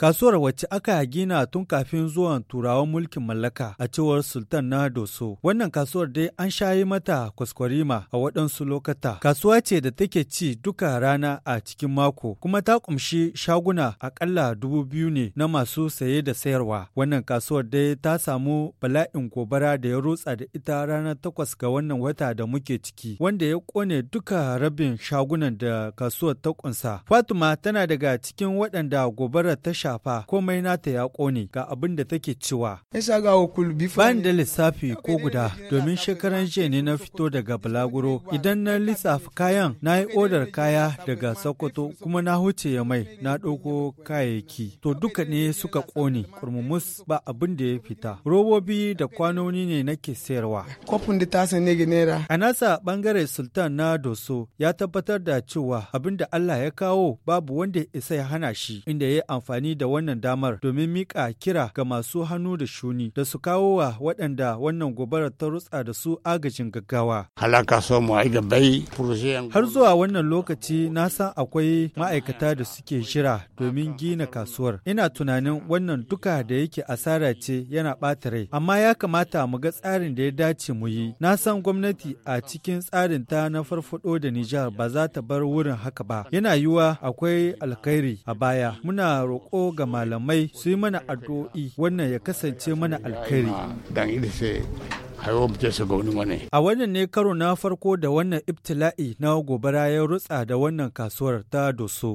Kasuwar wacce aka gina tun kafin zuwan turawan mulkin mallaka a cewar Sultan na Doso. Wannan kasuwar dai an shayi mata kwaskwarima a waɗansu lokata. Kasuwa ce da take ci duka rana a cikin mako kuma ta ƙumshi shaguna akalla dubu biyu ne na masu saye da sayarwa. Wannan kasuwar dai ta samu bala'in gobara da ya rutsa da ita ranar takwas ga wannan wata da muke ciki wanda ya kone duka rabin shagunan da kasuwar ta ƙunsa. Fatima tana daga cikin waɗanda gobara ta shafa komai nata ya ƙone ga abin da take cewa. Bayan da lissafi ko guda domin shekaran jiya ne na fito daga Balaguro idan na lissafi kayan na yi odar kaya daga Sokoto kuma na huce ya mai na ɗauko kayayyaki. To duka ne suka ƙone kurmumus ba abin da ya fita. Robobi da kwanoni ne nake sayarwa. Kofin da tasa ne ginera. A nasa bangare Sultan na Doso ya tabbatar da cewa abin da Allah ya kawo babu wanda isa ya hana shi inda ya amfani da wannan damar domin mika kira ga masu hannu da shuni da su kawo wa waɗanda wannan gobarar ta rutsa da su agajin gaggawa. Har zuwa wannan lokaci na san akwai ma'aikata da suke jira domin gina kasuwar. Ina tunanin wannan duka da yake asara ce yana ɓata rai, amma ya kamata mu ga tsarin da ya dace mu yi. Na san gwamnati a cikin tsarin ta na farfaɗo da Nijar ba za ta bar wurin haka ba. Yana yiwuwa akwai alkhairi a baya. Muna roƙo ga malamai su yi mana addu'o'i wannan ya kasance mana alkhairi. A wannan ne karo na farko da wannan ibtila'i na gobara ya rutsa da wannan kasuwar ta doso.